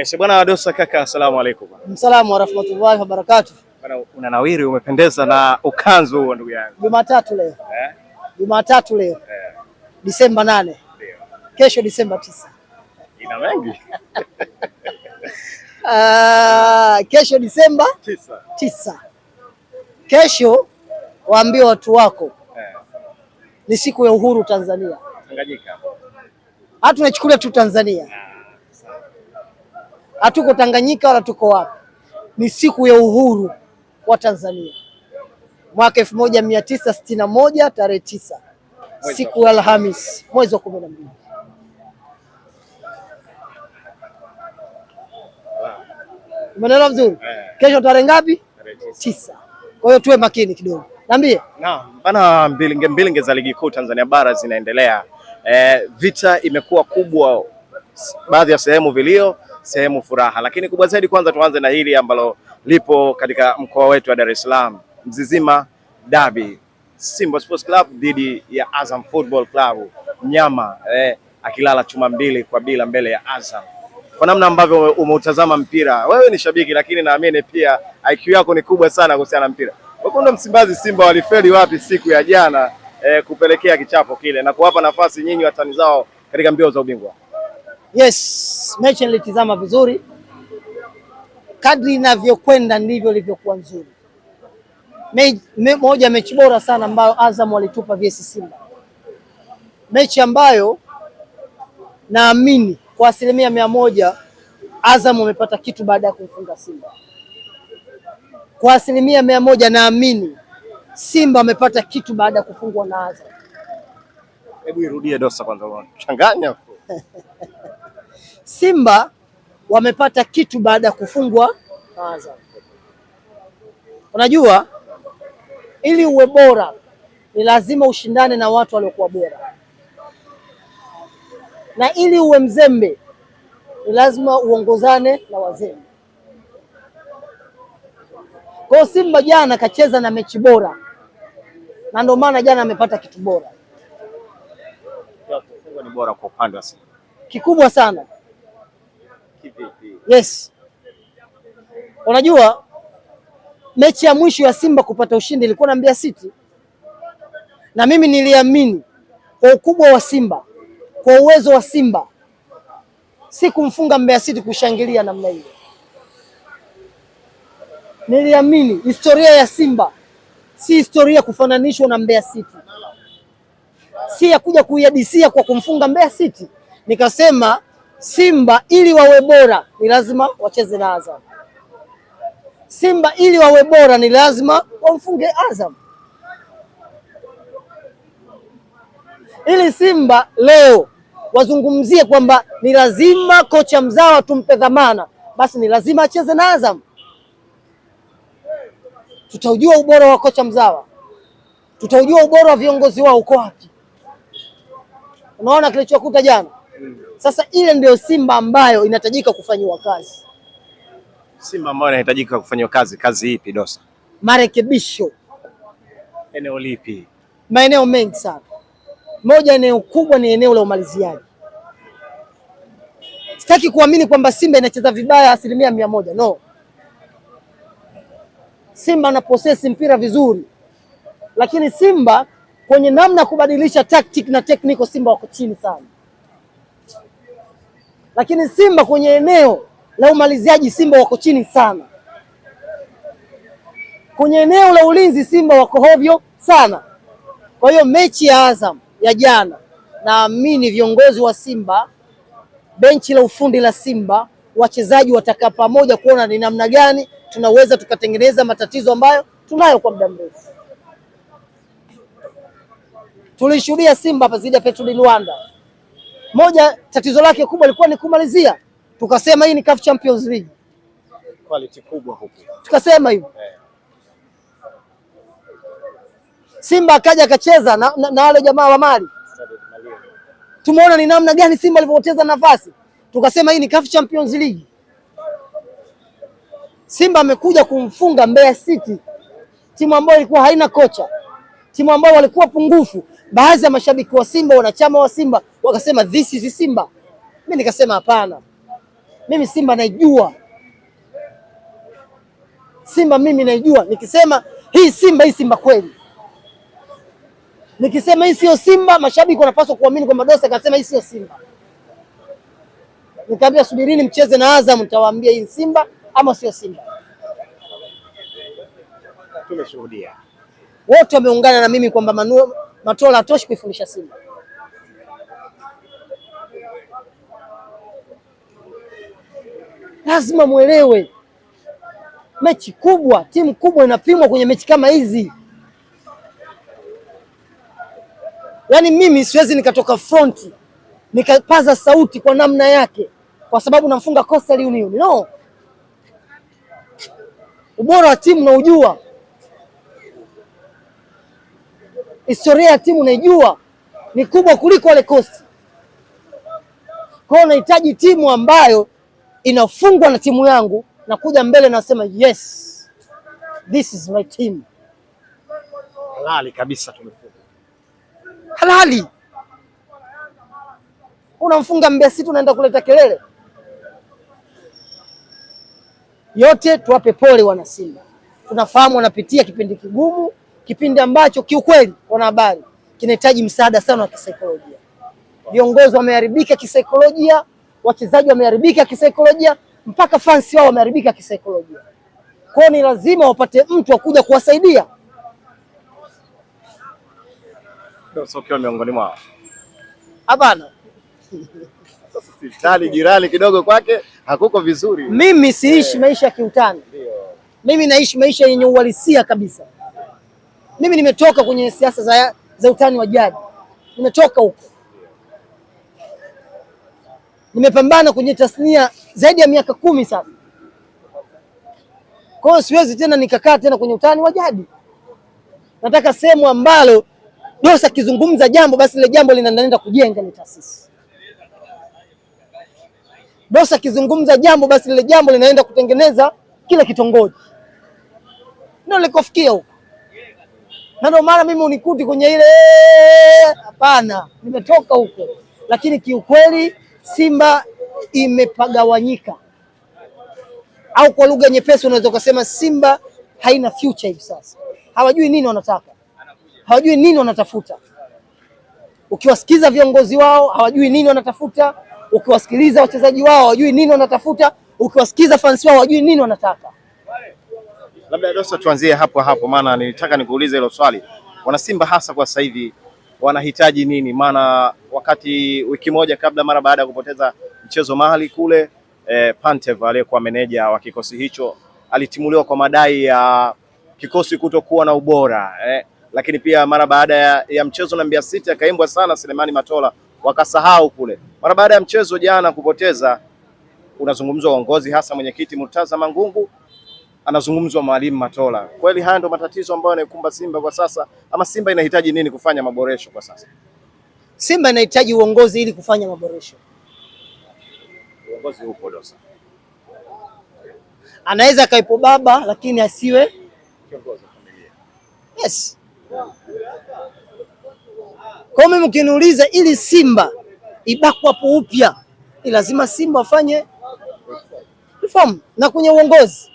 Yes, bwana Dosa kaka, asalamu alaykum. Msalamu wa rahmatullahi wa barakatuh. Bwana unanawiri, umependeza na ukanzu huo ndugu yangu. Jumatatu leo. Eh? Jumatatu leo. Eh. Disemba nane. Ndio. Kesho Disemba tisa. Ina mengi. Uh, kesho Disemba tisa. Tisa. Kesho waambie watu wako eh, ni siku ya uhuru Tanzania. Tanganyika. Hata nachukulia tu Tanzania. Yeah hatuko Tanganyika wala tuko wapi, ni siku ya uhuru wa Tanzania mwaka elfu moja mia tisa sitini na moja tarehe tisa siku ya Alhamis mwezi wa kumi na mbili. Umeelewa vizuri? Eh. Kesho tarehe ngapi? Tisa. Kwa hiyo tuwe makini kidogo. Niambie. Naam, bana, mbilinge mbilinge za ligi kuu Tanzania bara zinaendelea. E, vita imekuwa kubwa, baadhi ya sehemu vilio sehemu furaha. Lakini kubwa zaidi, kwanza tuanze na hili ambalo lipo katika mkoa wetu wa Dar es Salaam, Mzizima Dabi, Simba Sports Club dhidi ya Azam Football Club, mnyama eh, akilala chuma mbili kwa bila mbele ya Azam. Kwa namna ambavyo umeutazama mpira, wewe ni shabiki, lakini naamini pia IQ yako ni kubwa sana kuhusiana na mpira. Wekundu Msimbazi, Simba walifeli wapi siku ya jana eh, kupelekea kichapo kile na kuwapa nafasi nyinyi watani zao katika mbio za ubingwa? Yes, mechi nilitizama vizuri, kadri inavyokwenda ndivyo ilivyokuwa nzuri. Me, me, moja mechi bora sana ambayo Azam walitupa vs Simba, mechi ambayo naamini kwa asilimia mia moja Azam wamepata kitu baada ya kumfunga Simba. Kwa asilimia mia moja naamini Simba wamepata kitu baada ya kufungwa na Azam. Hebu irudie dosa kwanza, changanya Simba wamepata kitu baada ya kufungwa Azam. Unajua, ili uwe bora ni lazima ushindane na watu waliokuwa bora, na ili uwe mzembe ni lazima uongozane na wazembe. Kwa hiyo Simba jana kacheza na mechi bora, na ndio maana jana amepata kitu bora. ni bora kwa upande wa Simba, kikubwa sana Yes, unajua mechi ya mwisho ya Simba kupata ushindi ilikuwa na Mbeya City, na mimi niliamini kwa ukubwa wa Simba, kwa uwezo wa Simba, si kumfunga Mbeya City kushangilia namna hiyo. Niliamini historia ya Simba si historia kufananishwa na Mbeya City, si ya kuja kuiadisia kwa kumfunga Mbeya City. Nikasema Simba ili wawe bora ni lazima wacheze na Azam. Simba ili wawe bora ni lazima wamfunge Azam. Ili Simba leo wazungumzie kwamba ni lazima kocha mzawa tumpe dhamana, basi ni lazima acheze na Azam. Tutaujua ubora wa kocha mzawa, tutaujua ubora wa viongozi wao uko wapi. Unaona kilichokuta jana sasa ile ndio Simba ambayo inahitajika kufanyiwa kazi, Simba ambayo inahitajika kufanyiwa kazi. Kazi ipi Dosa? Marekebisho. Eneo lipi? Maeneo mengi sana, moja eneo kubwa ni eneo la umaliziaji. Sitaki kuamini kwamba Simba inacheza vibaya asilimia mia moja, no. Simba anaposesi mpira vizuri, lakini Simba kwenye namna ya kubadilisha tactic na technical, Simba wako chini sana lakini Simba kwenye eneo la umaliziaji Simba wako chini sana, kwenye eneo la ulinzi Simba wako hovyo sana. Kwa hiyo mechi ya Azam ya jana, naamini viongozi wa Simba, benchi la ufundi la Simba, wachezaji watakaa pamoja kuona ni namna gani tunaweza tukatengeneza matatizo ambayo tunayo kwa muda mrefu. Tulishuhudia Simba hapa zidi ya Petro di Luanda moja tatizo lake kubwa ilikuwa ni kumalizia, tukasema hii ni CAF Champions League, quality kubwa huko, tukasema hivyo yeah. Simba akaja akacheza na, na, na wale jamaa wa Mali, tumeona ni namna gani Simba alivyopoteza nafasi, tukasema hii ni CAF Champions League. Simba amekuja kumfunga Mbeya City, timu ambayo ilikuwa haina kocha, timu ambayo walikuwa pungufu. Baadhi ya mashabiki wa Simba, wanachama wa Simba wakasema this is Simba. Mimi nikasema hapana, mimi Simba naijua Simba, mimi naijua. Nikisema hii Simba, hii Simba kweli. Nikisema hii sio Simba, mashabiki wanapaswa kuamini kwamba Dosa akasema hii sio Simba. Nikaambia subirini, mcheze na Azam, nitawaambia hii Simba ama sio Simba. Tumeshuhudia wote wameungana na mimi kwamba Matola hatoshi kuifundisha Simba. lazima mwelewe, mechi kubwa, timu kubwa inapimwa kwenye mechi kama hizi. Yaani mimi siwezi nikatoka front nikapaza sauti kwa namna yake kwa sababu namfunga Coastal Union. No, ubora wa timu naujua, historia ya timu naijua, ni kubwa kuliko wale Coastal. Kwa hiyo unahitaji timu ambayo inafungwa na timu yangu, nakuja mbele nasema yes this is my team. Halali kabisa, tumefungwa halali. Unamfunga Mbeya City, unaenda kuleta kelele yote. Tuwape pole wana Simba, tunafahamu wanapitia kipindi kigumu, kipindi ambacho kiukweli wanahabari kinahitaji msaada sana wa kisaikolojia. Viongozi wameharibika kisaikolojia wachezaji wameharibika kisaikolojia, mpaka fans wao wameharibika kisaikolojia. Kwao ni lazima wapate mtu akuja kuwasaidia. Sokio miongoni mwao, hapana. Sasa jirani kidogo kwake hakuko vizuri. Mimi siishi yeah, maisha ya kiutani Mimi naishi maisha yenye uhalisia kabisa. Mimi nimetoka kwenye siasa za, za utani wa jadi, nimetoka huko nimepambana kwenye tasnia zaidi ya miaka kumi sasa. Kwa hiyo siwezi tena nikakaa tena kwenye utani wa jadi. Nataka sehemu ambalo Dosa akizungumza jambo basi lile jambo linaenda kujenga ile taasisi. Dosa akizungumza jambo basi lile jambo linaenda kutengeneza kila kitongoji. Ndio nilikofikia huko. Na ndio maana mimi unikuti kwenye ile hapana, nimetoka huko. Lakini kiukweli Simba imepagawanyika, au kwa lugha nyepesi unaweza ukasema Simba haina future hivi sasa. Hawajui nini wanataka, hawajui nini wanatafuta. Ukiwasikiza viongozi wao hawajui nini wanatafuta, ukiwasikiliza wachezaji wao hawajui nini wanatafuta, ukiwasikiza fans wao hawajui nini wanataka. Labda Dosa, tuanzie hapo hapo, maana nilitaka nikuulize hilo swali. Wana Simba hasa kwa sasa hivi wanahitaji nini, maana wakati wiki moja kabla, mara baada ya kupoteza mchezo mahali kule eh, Pantev aliyekuwa meneja wa kikosi hicho alitimuliwa kwa madai ya kikosi kutokuwa na ubora eh. Lakini pia mara baada ya, ya mchezo na Mbeya City akaimbwa sana Selemani Matola, wakasahau kule. Mara baada ya mchezo jana kupoteza, unazungumzwa uongozi, hasa mwenyekiti Murtaza Mangungu anazungumzwa Mwalimu Matola. Kweli haya ndio matatizo ambayo yanaikumba Simba kwa sasa, ama Simba inahitaji nini kufanya maboresho kwa sasa? Simba inahitaji uongozi ili kufanya maboresho. Uongozi upo Dosa, anaweza akawepo baba lakini asiwe kiongozi wa familia. Yes. Kwa mimi mkiniuliza, ili Simba ibaku hapo upya, ni lazima Simba afanye reform na kwenye uongozi